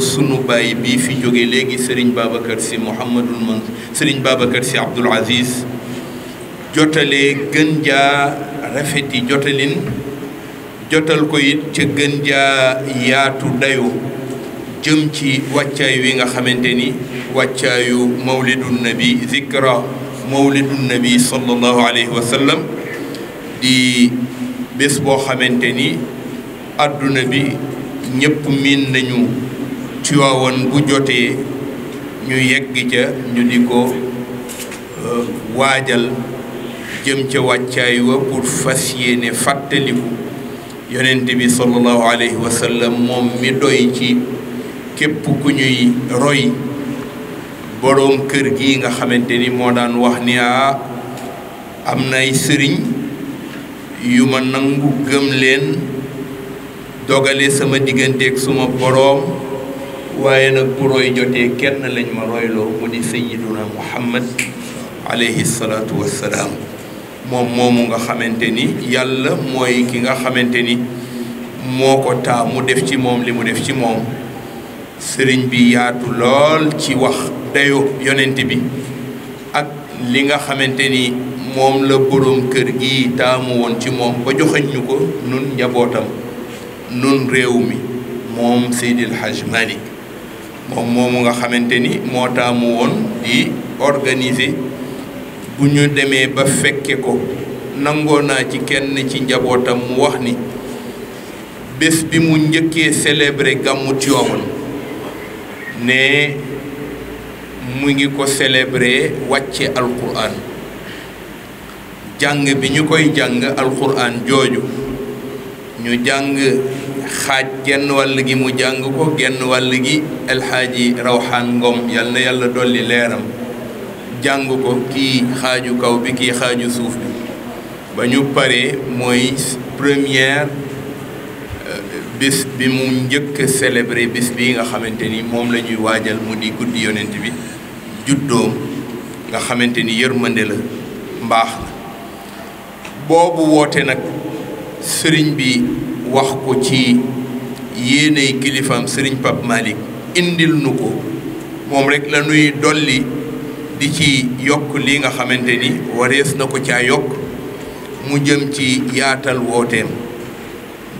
sunu bàyyi bii fi jóge léegi sëriñ Babacar si Mouhamadul man sëriñ Babacar si Abdoul Aziz jotalee gën jaa rafet yi jotal ko it ca gën jaa yaatu dayu jëm ci wàccaay wi nga xamante ni wàccaayu mawlidun nabi zikra mawlidun nabi sallallahu alayhi wa di bés boo xamante ni àdduna bi ñëpp miin nañu Tiwaawan bu jotee ñu yegg ca ñu di ko euh, waajal jëm ca wàccaay wa pour fas yéene fàttaliku yonent bi sallallahu alayhi wa moom mi doy ci képp ku ñuy roy boroom kër gi nga xamante ni moo daan wax ni a ah, am nay sëriñ yu ma nangu gëm leen dogale sama digganteeg suma boroom waaye nag bu roy jotee kenn lañu ma royloo mu di sayyiduna muhammad alayhi salaatu salaam moom moomu nga xamante ni yàlla mooy ki nga xamante ni moo ko taa def ci moom li def ci moom sëriñ bi yaatu lool ci wax dayo yonent bi ak li nga xamante ni moom la boroom kër gi taamu woon ci moom ba joxañ ñu ko nun njabootam nun réew mi moom Seydil Hadj Malick moom moomu nga xamante ni moo taamu woon di organiser bu ñu demee ba fekke ko nangoo naa ci kenn ci njabootam mu wax ni bés bi mu njëkkee célébrer gàmmu Tiwaawan ne mu ngi ko célébrer wàcce alquran jàng bi ñu koy jàng alquran jooju ñu jàng xaaj genn wàll gi mu jàng ko genn wàll gi alxaaji rawxaan ngom yal na yàlla dolli leeram jàng ko ki xaaju kaw bi kii xaaju suuf bi ba ñu paree mooy première euh, bis bi mu njëkk a célébré bis bi nga xamante ni moom la ñuy waajal mu di guddi yonent bi juddoom nga xamante ni yërmande la mbaax la boobu woote nag sëriñ bi wax ko ci yéenay kilifaam sëriñ Pape Malick indil nu ko moom rekk la nuy dolli di ci yokk li nga xamante ni warees na ko caa yokk mu jëm ci yaatal wooteem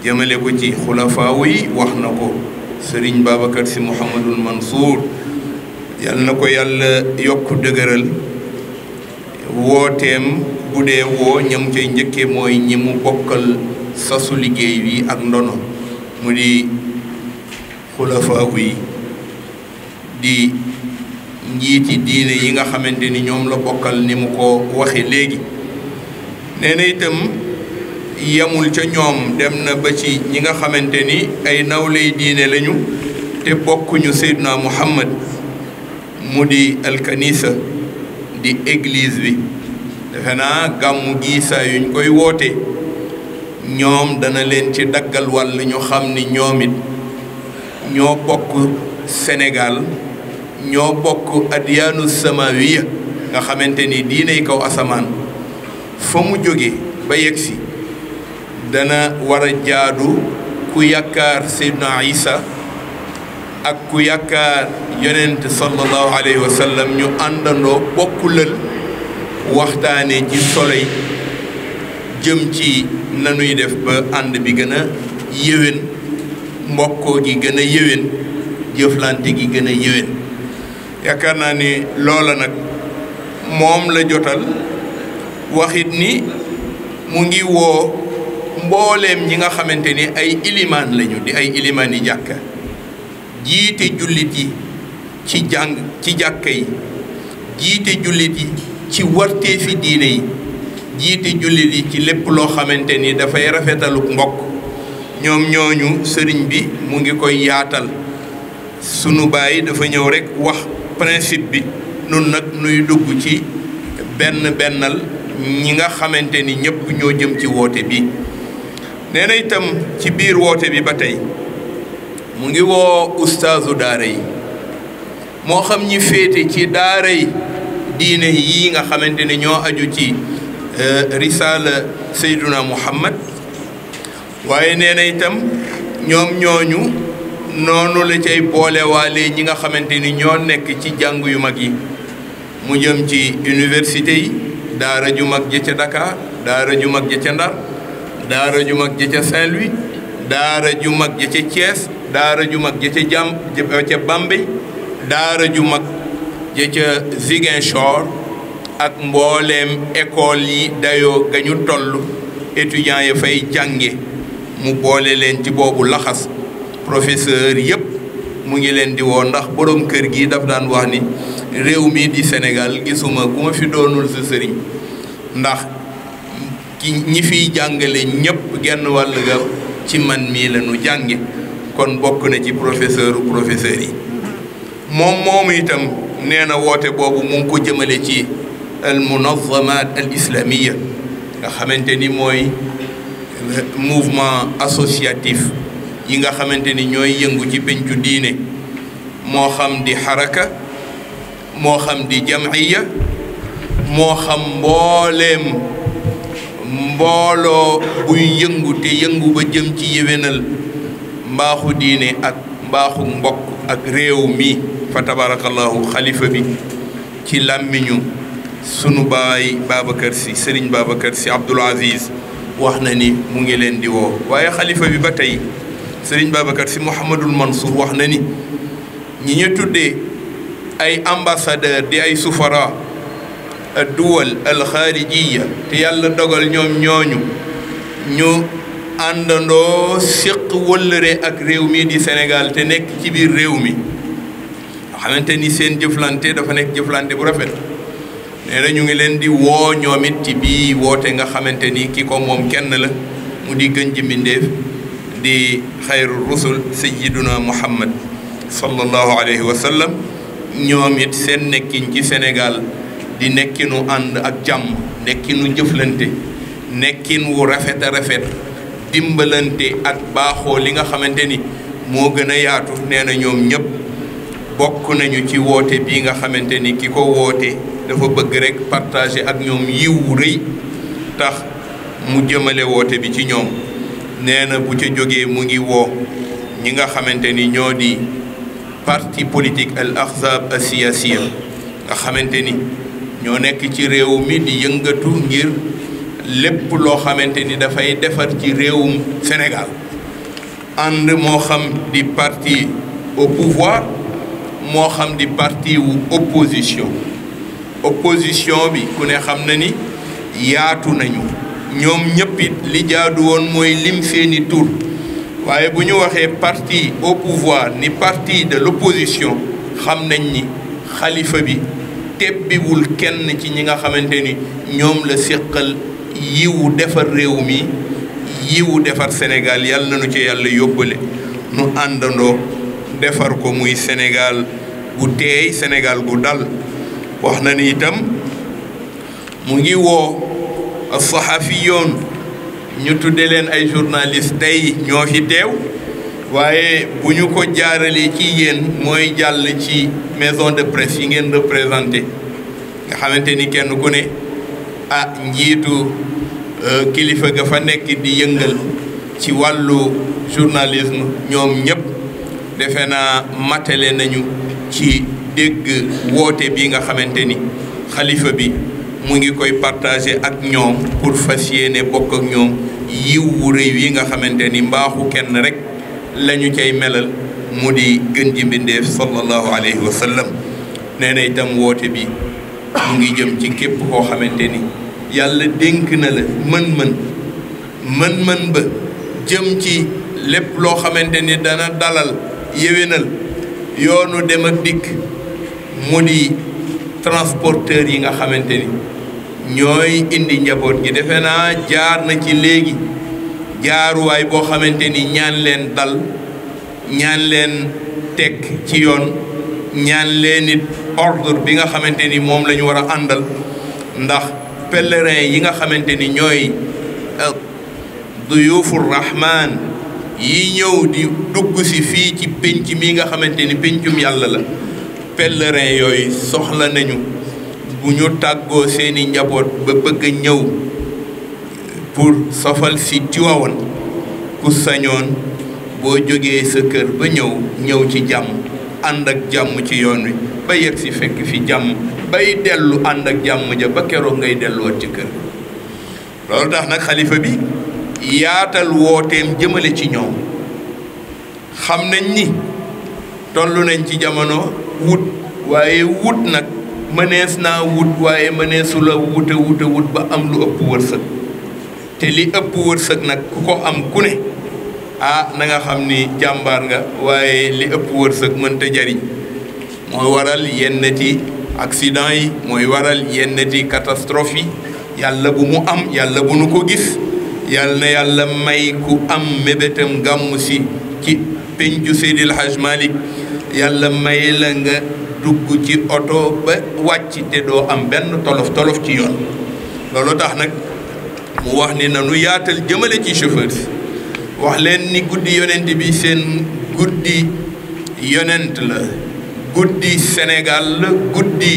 jëmale ko ci xulafaawu yi wax na ko sëriñ Babacar si Mouhamadul Mansour yal na ko yàlla yokk dëgëral wooteem bu dee woo ñam cay njëkkee mooy ñi mu bokkal sasu liggéey bi ak ndono mu di xulafaawu yi di njiiti diine yi nga xamante ni ñoom la bokkal ni mu ko waxe léegi nee na itam yamul ca ñoom dem na ba ci ñi nga xamante ni ay nawley diine lañu te bokkuñu na Muhammad mu di alkanisa di église bi defe gàmmu gi saa yuñ koy woote ñoom dana leen ci daggal wàll ñu xam ni ñoom it ñoo bokk senegaal ñoo bokk adiyaanu samawiya nga xamante ni diiney kaw asamaan fa mu jóge ba yegsi dana war a jaadu ku yàkkaar Seydina Isa ak ku yàkkaar yonent sallallahu alayhi wa ñu àndandoo bokk lël waxtaane ci solo jëm ci nanuy def ba ànd bi gën a yéwén mbokkoo gi gën a yéwén jëflante gi gën a yéwén yaakaar naa ni loola nag moom la jotal waxit ni mu ngi woo mbooleem ñi nga xamante ni ay ilimaan lañu di ay ilimaan yi jàkka jiite jullit yi ci jàng ci jàkka yi jiite jullit yi ci warteefi diine yi jiite jullit yi ci lépp loo xamante ni dafay rafetaluk mbokk ñoom ñooñu sëriñ bi mu ngi koy yaatal sunu bàyyi dafa ñëw rekk wax principe bi nun nag nuy dugg ci benn bennal ñi nga xamante ni ñëpp ñoo jëm ci woote bi nee itam ci biir woote bi ba tey mu ngi woo ustaasu daara yi moo xam ñi féete ci daara yi diine yii nga xamante ne ñoo aju ci euh, risaala sayduna muhammad waaye nee na itam ñoom ñooñu noonu la cay boolewaale ñi nga xamante ni ñoo nekk ci jàng yu mag yi mu jëm ci université yi daara ju mag ja ca Dakar daara ju mag ja ca Ndar daara ju mag ja ca Saint-Louis daara ju mag ja ca Thiès daara ju mag ja ca jàmm ca Bambey daara ju mag ya ca ak mboolem ecole yi dayoo gañu toll étudiants ya fay jànge mu boole leen ci boobu laxas professeur yépp mu ngi leen di woo ndax boroom kër gi dafa daan wax ni réew mi di Sénégal gisuma ku ma fi doonul sa sëriñ ndax ki ñi fiy jàngale ñépp genn wàll ga ci man mii la ñu jànge kon bokk na ci professeur professeur yi moom moom itam نينا ووتي بوبو مونكو جيمالي تي المنظمات الاسلاميه خامنتيني موي موفمون اسوسياتيف ييغا خامنتيني نيوي ييغو تي بنجو ديني مو خام دي حركه مو خام دي جمعيه مو خام بولم mbolo bu yëngu te yëngu ba jëm ci yewenal mbaxu diine ak mbaxu mbokk ak réew mii fa tabarakallahu xalifa bi ci làmmiñu sunu baay Babacar Sy Serigne Babacar Sy Abdoul Aziz wax na ni mu ngi leen di woo waaye xalifa bi ba tey Serigne Babacar Sy Mouhamadul Mansour wax na ni ñi ñu tuddee ay ambassadeur di ay sufara adduwal alxaarijiya te yàlla dogal ñoom ñooñu ñu àndandoo séq wëllëre ak réew mi di Sénégal te nekk ci biir réew mi xamante ni seen jëflante dafa nekk jëflante bu rafet nee na ñu ngi leen di woo ñoomit ci bii woote nga xamante ni ki ko moom kenn la mu di gën ji di xayru rusul sayyiduna muhammad sallallahu alayhi wa sallam seen nekkin ci senegal di nekkinu ànd ak jàmm nekkinu jëflante nekkin wu rafet a rafet dimbalante ak baaxoo li nga xamante ni moo gën a yaatu nee na ñoom ñëpp. bokk nañu ci woote bii nga xamante ni ki ko woote dafa bëgg rek partager ak ñoom yiw wu rëy tax mu jëmale woote bi ci ñoom nee na bu ca jógee mu ngi woo ñi nga xamante ni ñoo di parti politique al ahzab asiyasiya nga xamante ni ñoo nekk ci réew mi di yëngatu ngir lépp loo xamante ni dafay defar ci réewum Sénégal ànd moo xam di parti au pouvoir moo xam di parti wu opposition opposition bi ku ne xam na ni yaatu nañu ñoom ñëpp li jaadu woon mooy lim seeni tur waaye bu ñu waxee parti au pouvoir ni parti de l'opposition xam nañ ni xalifa bi tebbiwul kenn ci ñi nga xamante ni ñoom la séqal yiwu defar réew mi yiwu defar Sénégal yàlla nañu ci yàlla yóbbale nu àndandoo defar ko muy Sénégal bu teey Sénégal bu dal wax na ni itam mu ngi woo as-saxaafiyoon ñu tuddee leen ay journaliste tey ñoo fi waaye bu ñu ko jaaralee ci yéen mooy jàll ci maison de presse yi ngeen représenté nga xamante ni kenn ku ne ah njiitu euh, kilifa gafa nekk di yëngal ci wàllu journalisme ñoom ñëpp defe naa matele nañu ci dégg woote bi nga xamante ni xalifa bi mu ngi koy partage ak ñoom pour fas yéene bokk ak ñoom yiw wu rëy yi nga xamante ni mbaaxu kenn rek lañu cay melal mu di gën ji mbindeef sallallahu alayhi wa sallam nee na itam woote bi mu ngi jëm ci képp koo xamante ni yàlla dénk na la mën-mën mën-mën ba jëm ci lépp loo xamante ni dana dalal yéwénal yoonu dem ak dikk mu di transporteur yi nga xamante ni ñooy indi njaboot gi defe naa jaar na ci léegi jaaruwaay boo xamante ni ñaan leen dal ñaan leen teg ci yoon ñaan leen it ordre bi nga xamante ni moom lañu ñu war a àndal ndax pèlerin yi nga xamante ni ñooy euh, duyuufu rahmaan yi ñëw di dugg si fii ci pénc mi nga xamante ni péncum yàlla la pèlerin yooyu soxla nañu bu ñu tàggoo seeni njaboot ba bëgg ñëw pour sofal si Tiwaawan ku sañoon boo jógee sa kër ba ñëw ñëw ci jàmm ànd ak jàmm ci yoon wi ba yegg si fekk fi jàmm bay dellu ànd ak jàmm ja ba keroog ngay delluwaat ci kër loolu tax nag xalifa bi yaatal wooteem jëmale ci ñoom xam nañ ni toll nañ ci jamono wut waaye wut nag mënees naa wut waaye mëneesula wut a wut a wut ba am lu ëpp wërsëg te li ëpp wërsëg nag ku ko am ku ne ah na nga xam ni jàmbaar nga waaye li ëpp wërsëg mënta jariñ mooy waral yenn ci accident yi mooy waral yenn ci catastrophe yi yàlla bu mu am yàlla bu nu ko gis yal na yàlla may ku am mébétam gàmmu si ci pencu Seydil Hadj Malick yàlla may la nga dugg ci oto ba wàcc te doo am benn tolof tolof ci yoon loolu tax nag mu wax ni nanu yaatal jëmale ci chauffeur si wax leen ni guddi yonent bi seen guddi yonent la guddi Sénégal la guddi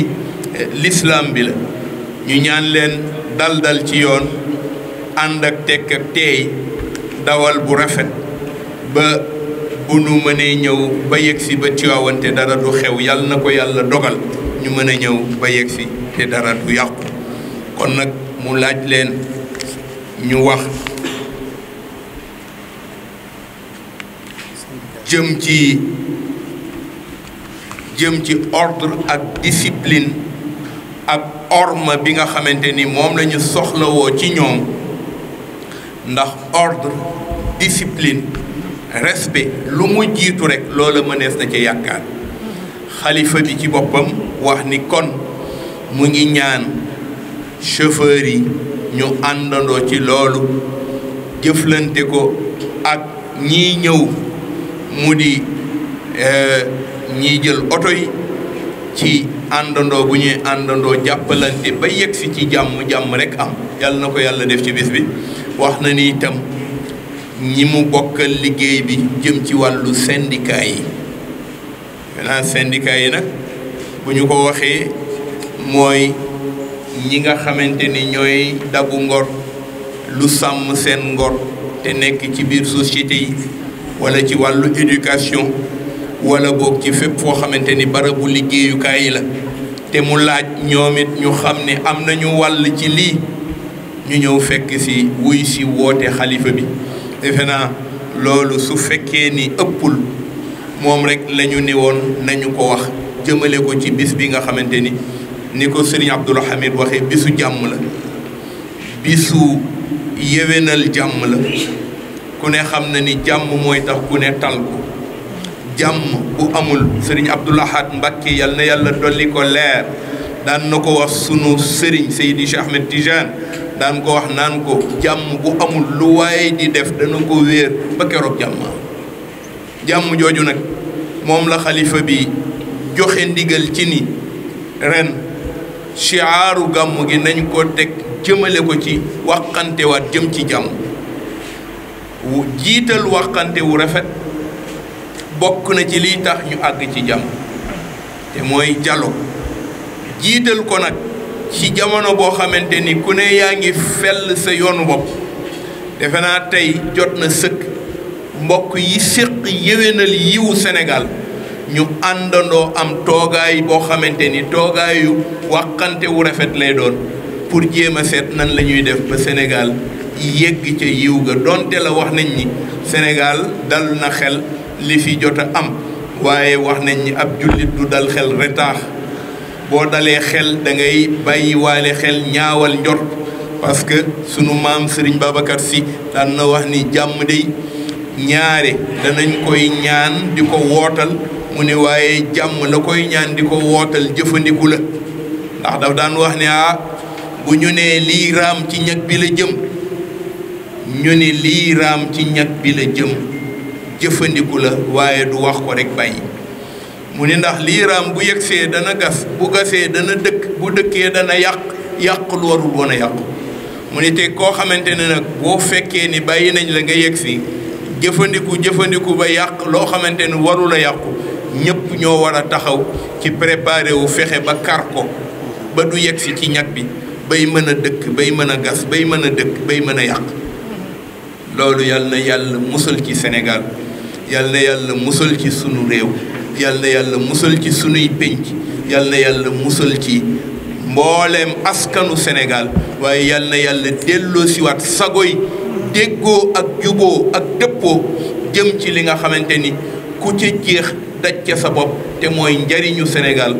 eh, lislaam bi la ñu ñaan leen dal ci yoon ànd ak tekk ak teey dawal bu rafet ba bu ñu mënee ñëw ba yegg si ba Tiwaawan te dara du xew yàlla na ko yàlla dogal ñu mën a ñëw ba yegg te dara du yàqu kon nag mu laaj leen ñu wax jëm ci jëm ci ordre ak discipline ak orma bi nga xamante ni moom lañu soxlawoo ci ñoom ndax ordre discipline respect lu mu jiitu rek loola mënees na ci yaakaar xalifa bi ci boppam wax ni kon mu ngi ñaan chauffeur yi ñu àndandoo ci loolu jëflante ko ak ñiy ñëw mu di eh, ñiy jël oto yi ci àndandoo bu ñuy àndandoo jàppalante ba yegg si ci jàmm jàmm rek am yàlla def ci bis bi wax na ni itam ñi mu bokkal liggéey bi jëm ci wàllu syndicat yi maanaam syndicat yi nag bu ñu ko waxee mooy ñi nga xamante ni ñooy daggu ngor lu sàmm seen ngor te nekk ci biir société yi wala ci wàllu éducation wala boog ci fépp foo xamante ni barabu liggéeyukaay yi la te mu laaj ñoomit it ñu xam ni am nañu wàll ci lii ñu ñëw fekk si wuy si woote xalifa bi defe naa loolu su fekkee ni ëppul moom rek la ñu ni woon nañu ko wax jëmale ko ci bis bi nga xamante ni ni ko sëriñ Abdoul Hamid waxee bisu jàmm la bisu yewenal jàmm la ku ne xam na ni jàmm mooy tax ku ne tal jàmm bu amul sëriñ Abdoul Ahad Mbacké yal na yàlla dolli ko leer daan na ko wax sunu sëriñ Seydi Cheikh Ahmed Tijane daan ko wax naan ko jàmm bu amul lu waaye di def dana ko wéer ba keroog jàmm jàmm jooju nag moom la xalifa bi joxe ndigal ci ni ren chiaaru gàmm gi nañ ko teg jëmale ko ci waxantewaat jëm ci jàmm wu jiital waxante wu rafet bokk na ci liy tax ñu àgg ci jàmm te mooy dialogue jiital ko nag ci jamono boo xamante ni ku ne yaa ngi fell sa yoon bopp defe naa tey jot na sëkk mbokk yi séq yéwénal yiwu senegal ñu àndandoo am toogaay boo xamante ni toogaayu waxante rafet lay doon pour jéem a seet nan lañuy ñuy def ba Sénégal yegg ca yiw ga donte la wax nañ ni Sénégal dal na xel li fi jot a am waaye wax nañ ni ab jullit du dal xel retaax boo dalee xel dangay ngay bàyyiwaale xel ñaawal njort parce que sunu maam sëriñ Babacar Sy daan na wax ni jàmm day ñaare danañ koy ñaan di ko wootal mu ne waaye jàmm la koy ñaan di ko wootal jëfandiku la ndax daf daan wax ne ah bu ñu nee lii raam ci ñag bi la jëm ñu ne lii raam ci ñag bi la jëm jëfandiku la waaye du wax ko rek bàyyi mu ni ndax liiraam bu yegsee dana gas bu gasee dana dëkk bu dëkkee dana yàq yàq lu warul woon a yàqu mu ni te koo xamante ne nag boo fekkee ni bàyyi nañ la nga yegsi jëfandiku jëfandiku ba yàq loo xamante ni warul a yàqu ñëpp ñoo war a taxaw ci préparé wu fexe ba kar ko ba du yegsi ci ñag bi bay mën a dëkk bay mën a gas bay mën a dëkk bay mën a yàq loolu yal na yàlla musal ci Sénégal yàlla yàlla musal ci sunu réew yal yàlla musal ci sunuy pénc yàlla na yàlla musal ci mbooleem askanu senegaal waaye yal na yàlla delloo siwaat sagoy déggoo ak juboo ak dëppoo jëm ci li nga xamante ni ku ca jeex daj ca sa bopp te mooy njariñu Sénégal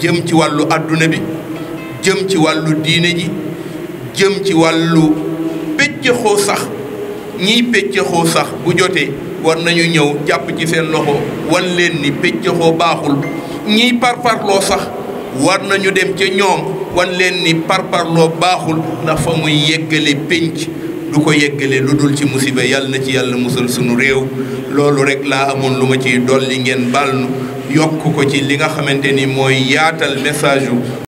jëm ci wàllu àdduna bi jëm ci wàllu diine ji jëm ci wàllu péccëxoo sax ñiy péccëxoo sax bu jotee war nañu ñëw jàpp ci seen loxo wan leen ni pëccëxoo baaxul ñii par parparloo sax war nañu dem ci ñoom wan leen ni parparloo baaxul ndax fa muy yeggale pénc du ko yeggale lu dul ci musiba yàlla na ci yàlla musal sunu réew loolu rek laa amoon lu ma ciy dolli ngeen baal nu yokk ko ci li nga xamante ni mooy yaatal message yu